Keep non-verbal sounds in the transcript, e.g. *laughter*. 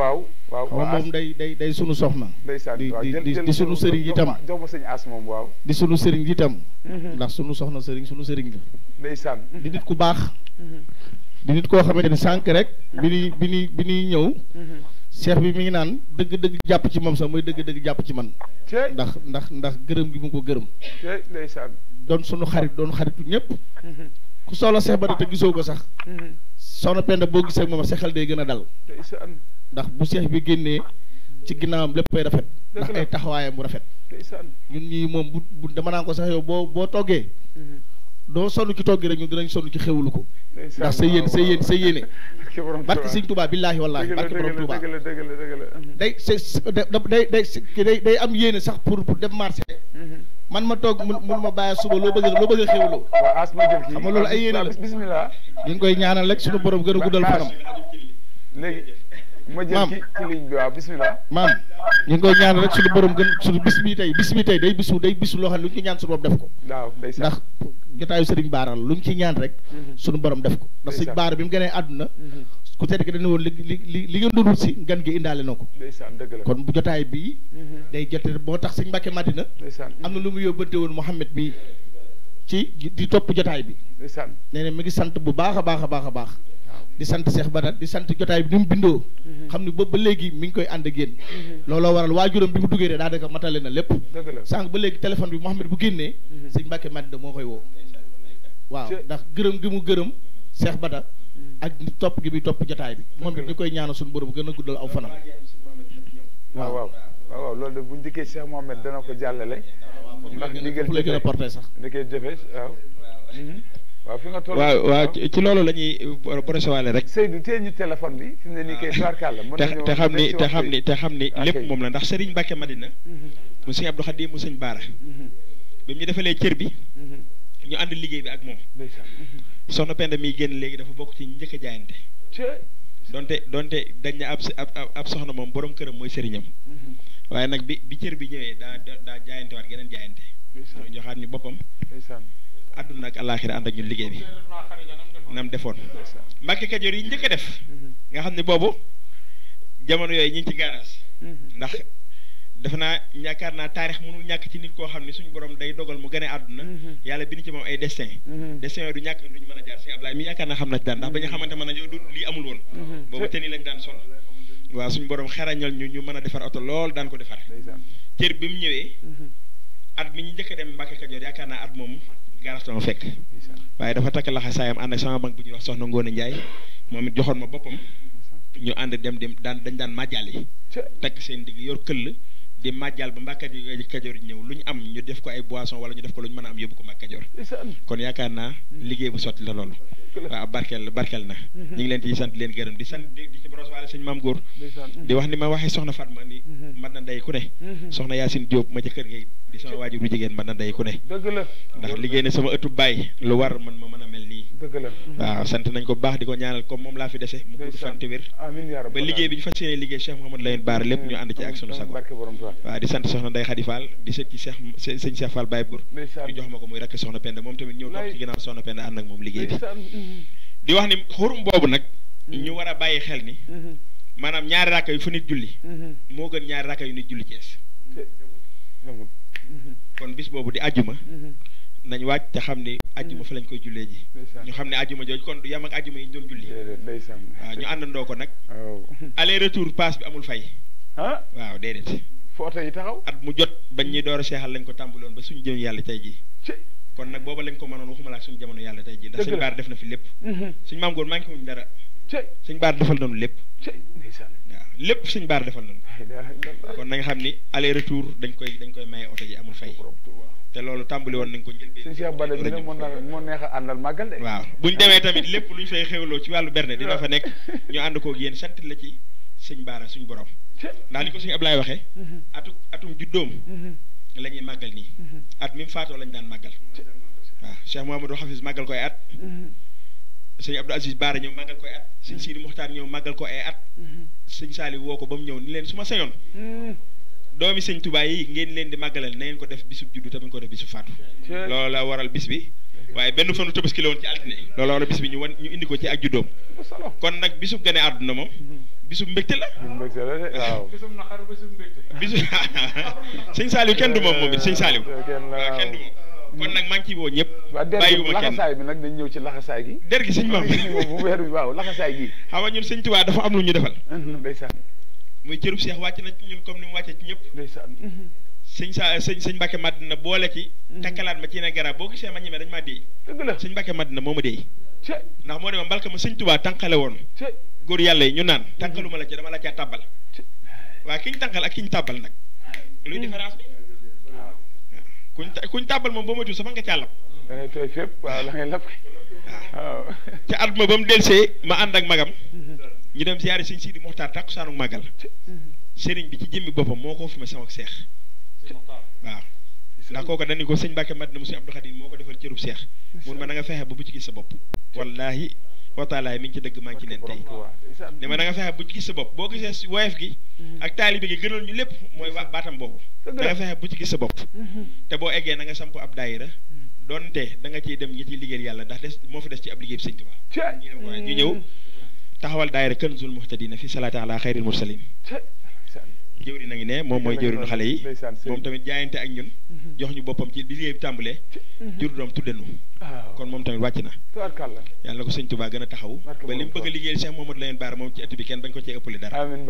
waaw waaw moom day day day sunu soxna. ndeysaan waaw di di sunu sëriñ itam. jox ma sëñ as moom waaw. di sunu sëriñ itam. Mhm. ndax sunu soxna sëriñ sunu sëriñ la. ndeysaan di nit ku baax. Mhm. di nit koo xamante ni sànq rek. bi ñuy bi ñuy bi ñuy ñëw. cheikh mhm. bi mi ngi naan dëgg-dëgg jàpp ci moom sax mooy dëgg-dëgg jàpp ci man. ndax ndax ndax gërëm gi mu ko gërëm. ndeysaan doon sunu xarit doon xaritu ñëpp. ku solo seex ba te gisoo ko sax. soxna Penda boo gisee moom sa xel day gën a dal ndax bu seex bi génnee ci ginnaawam koy rafet ndax ay taxawaayam bu rafet ñun ñii moom bu bu dama naa ko sax yow boo boo toggee mm-hmm. doo sonn ci toggi rek ñun dinañ sonn ci xewulu ko ndax sa yéen sa yéen sa yéene *laughs* barke sëñ Touba billaahi wallaahi barke borom Touba day day day day am yéene sax pour pour dem marché man ma toog mun mun ma bàyyi suba loo bëgg loo bëgg a xéwloo. waaw as ma jël kii xam loolu ay yéene la ñu ngi koy ñaanal rek suñu borom gën a guddal fanam. léegi bisimilah. maam ñu ngi koy ñaanal rek suñu borom gën suñu bis bi tey bis bi tey day bisu day bisu loo xam lu ñu ci ñaan suñu def ko. waaw day sax ndax jotaayu sëriñ Baara la lu ñu ci ñaan rek. Mhm. suñu borom def ko ndax sëriñ Baara bi mu gënee àdduna mhm. ku tedd ki dañu woon li li li ngeen doon wut si ngan gi indaale na ko kon bu jotaay bii mm-hmm. day jote boo tax sëñ Mbàkke Madina am na lu mu yóbbante woon Mouhamed bi ci di topp jotaay bi nee na mi ngi sant bu baax a baax a baax a di sant Cheikh Badar di sant jotaay bi ni mu bindoo mm-hmm. xam ne boobu ba léegi mi ngi koy ànd ak yéen mm-hmm. looloo waral waajuram bi mu duggee rek daanaka matale na lépp sànq ba léegi téléphone bi Mouhamed bu génnee sëñ Mbàkke Madina moo koy woo waaw ndax gërëm gi mu gërëm Cheikh Badar ak topp gi bi topp jotaay bi moom it ñu koy ñaanal suñu bu gën a guddal aw fanam waaw waaw waaw loolu de bu ñu dikkee Cheikh Mohamed ko jàllale ndax ndigal la gën sax ndigal jëfe waaw mhm. waaw fi ci loolu lañuy ñuy borosewale rek téléphone bi fi mu ne nii kay soirkal la te xam ni te xam ni te xam ni lépp moom la ndax Serigne Mbacke Madina mhm. mu sëñ Abdou Khadim mu sëñ Baara mhm. bi mu ñu defalee cër bi ñu ànd liggéey bi ak moom soxna Penda mi génn léegi dafa bokk ci njëkk a jaayante donte donte dañ ne ab ab ab soxna moom borom këram mooy sëriñam mm-hmm. waaye nag bi bi cër bi ñëwee daa daa jaayante waat geneen jaayante mooy joxaat ñu boppam àdduna ak àllaaxira ànd ak ñun liggéey bi nam defoon Mbàkke Kajoor yi njëkk def mm-hmm. nga xam ne boobu jamono yooyu ñu ngi ci garage mm-hmm. ndax def naa yaakaar naa taarix mënul ñàkk ci nit koo xam ne suñu borom day dogal mu gane àdduna mhm. yàlla bind ci moom ay destin mhm. destin yooyu du ñàkk duñu mën a jaar si Ablaye mi yaakaar naa xam na ci daan ndax ba ñu mhm. xamante mën du lii amul woon boobu te lañ daan sol waaw suñu borom xerañal ñu ñu mën a defar oto lool daan ko defar cër bi mu ñëwee at mi ñu njëkk a dem Mbàkke Kajoor yaakaar naa at moom garastama fekk waaye dafa takk laxa saayam ànd ak sama banque bu ñuy wax soxna Njaay moom it ma boppam ñu ànd dem dem daan dañ daan màjjali takk seen digg yor këll di màjjal ba mbàkkat yi kajoor ñëw lu ñu am ñu def ko ay boisson wala ñu def ko lu ñu mën a am yóbbu ko mbàkk kajoor kon yaakaar na liggéey bu sotti la loolu *laughs* waaw barkeel barkeel na mhm. ñu leen di sant leen gërëm di sant di ci boros waale suñu di wax soxna Fatma ni mhm. man na ndey mhm. di sama waajur bu na ndey ku ne dëgg la ndax liggéey na sama ëttu baay lu war man ma a mel nii dëgg moom laa fi dese mu gudd ñu jox ma ko muy rakk soxna Penda moom tamit ñëw toog ci ginnaaw soxna Penda ànd ak moom liggéey bi di wax ni xurum boobu nag. ñu war a bàyyi xel ni. maanaam ñaari rakka yu fa nit julli. moo gën ñaari rakka yu nit julli Cees. kon bis boobu di àjjuma. nañ wàcc te xam ni àjjuma fa lañ koy jullee ji. ñu xam ne àjjuma jooju kon du yam ak àjjuma yi ñu doon julli. waaw ñu àndandoo ko nag. aller retour paas bi amul fay. ah waaw déedéet. foote yi taxaw at mu jot bañ ñuy door a seexal lañ ko tàmbuloon ba suñu jëm yàlla tey jii. kon nag booba lañ ko mënoon waxuma laa suñu jamono yàlla tey ji ndax suñ baar def na fi lépp mhm. suñ maam góor manqué wuñ lépp waaw lépp suñ baar defal na nga xam ni aller retour dañ koy dañ koy maye oto ji amul fay te loolu woon nañ ko njëlbeen suñ Cheikh Bada bi nag moo nar a àndal màggal de waaw buñ demee tamit lépp luñ fay xewloo ci wàllu berne dina fa nekk *laughs* ñu ànd koog yéen sant la ci suñ baara suñ borom ndax li ko suñu Ablaay waxee mhm. atum atum juddóom mhm. la ñuy màggal nii. Mm-hmm. at mi mu faatoo lañ daan màggal. Mm-hmm. waaw Cheikh Mouhamadou Hafiz màggal koy at. Mm-hmm. sëñ Abdou Aziz Baara ñëw màggal koy at. sëñ Sidi Muxtaar ñëw màggal ko ay at. sëñ Saali woo ko ba mu ñëw ni leen su ma sañoon. doomi sëñ Tuubaa yi ngeen leen di màggalal na ngeen ko def bisu juddu tamit ko def bisu faatu. loolu la waral bis bi. waaye benn fanu tabaski la woon ci altine. loolu la waral bis bi ñu wan ñu indi ko ci ak juddoom. kon nag bisu gane àdduna moom. bisu mbégte la. bisu mbégte la de waaw. bisu naqar bisu kenn du moom moom it sëñ Saliou. waaw kenn du moom kon ciy woo ñëpp. bàyyiwuma kenn laxasaay bi nag dañ ñëw ci laxasaay gi. gi sëñ maam bu weer bi waaw laxasaay gi. xam nga ñun dafa am lu ñu defal. ndeysaan. muy cërub seex wàcc na ci comme ni mu wàccee ci ñëpp. ndeysaan. sëñ sa sëñ sëñ Mbacke Madina boole ci. takkalaat ma ci ne garab boo gisee ma ñemee dañ maa déy. dëgg la sëñ Mbacke moo ma déy. ndax moo ne ma mbalka ma sëñ Tuubaa tànqale woon góor yàlla yi ñu naan mm-hmm. tànkaluma la ci dama la tàbbal waa ki ñu ak ki ñu tàbbal nag luy mm-hmm. différence bi waaw kuñ kuñ tàbbal moom boo ma ju sama nga caa lab mm-hmm. da ngay tooy fépp waaw *laughs* ca àdduma ba mu delsee ma ànd ak magam ñu dem siyaare si Sidi Moxtaar tàkku saanu màggal sëriñ bi ci jëmmi boppam moo ko fi ma sama seex waaw ndax kooku dañu ko sëñ Mbàkke Madina mu sëñ Abdou Khadim moo ko defal cërub seex mun ma na nga fexe ba bu ci gis sa bopp wallaahi wa taala mi ngi ci dëgg maa ngi ci neen tey ne ma da nga fexe bu ci gis sa bopp boo gisee woyof gi mhm. ak taalibe gi gënal ñu lépp mooy baatam boobu da nga fexe bu ci gis sa bopp mhm. te boo eggee na samp ab daayira mhm. donte da nga dem ñi ciy liggéeyal yàlla ndax des moo fi des ci ab liggéey bi sëñ Tuubaa ñu ñëw taxawal daayira Kanzul Muhtadina fi salaati ala xayril jëwri na ngi ne moom mooy jëwriñu xale yi moom tamit jaayante ak ñun mhm. jox ñu boppam ci liggéey bi tàmbalee mhm. jur doom tuddenu kon moom tamit wàcc na yàlla na ko sëñ Tuubaa gën a taxaw ba li bëgg a liggéeyal Cheikh Mamadou Lamine Bara moom ci ëtt bi kenn bañ ko cee ëppale dara amiin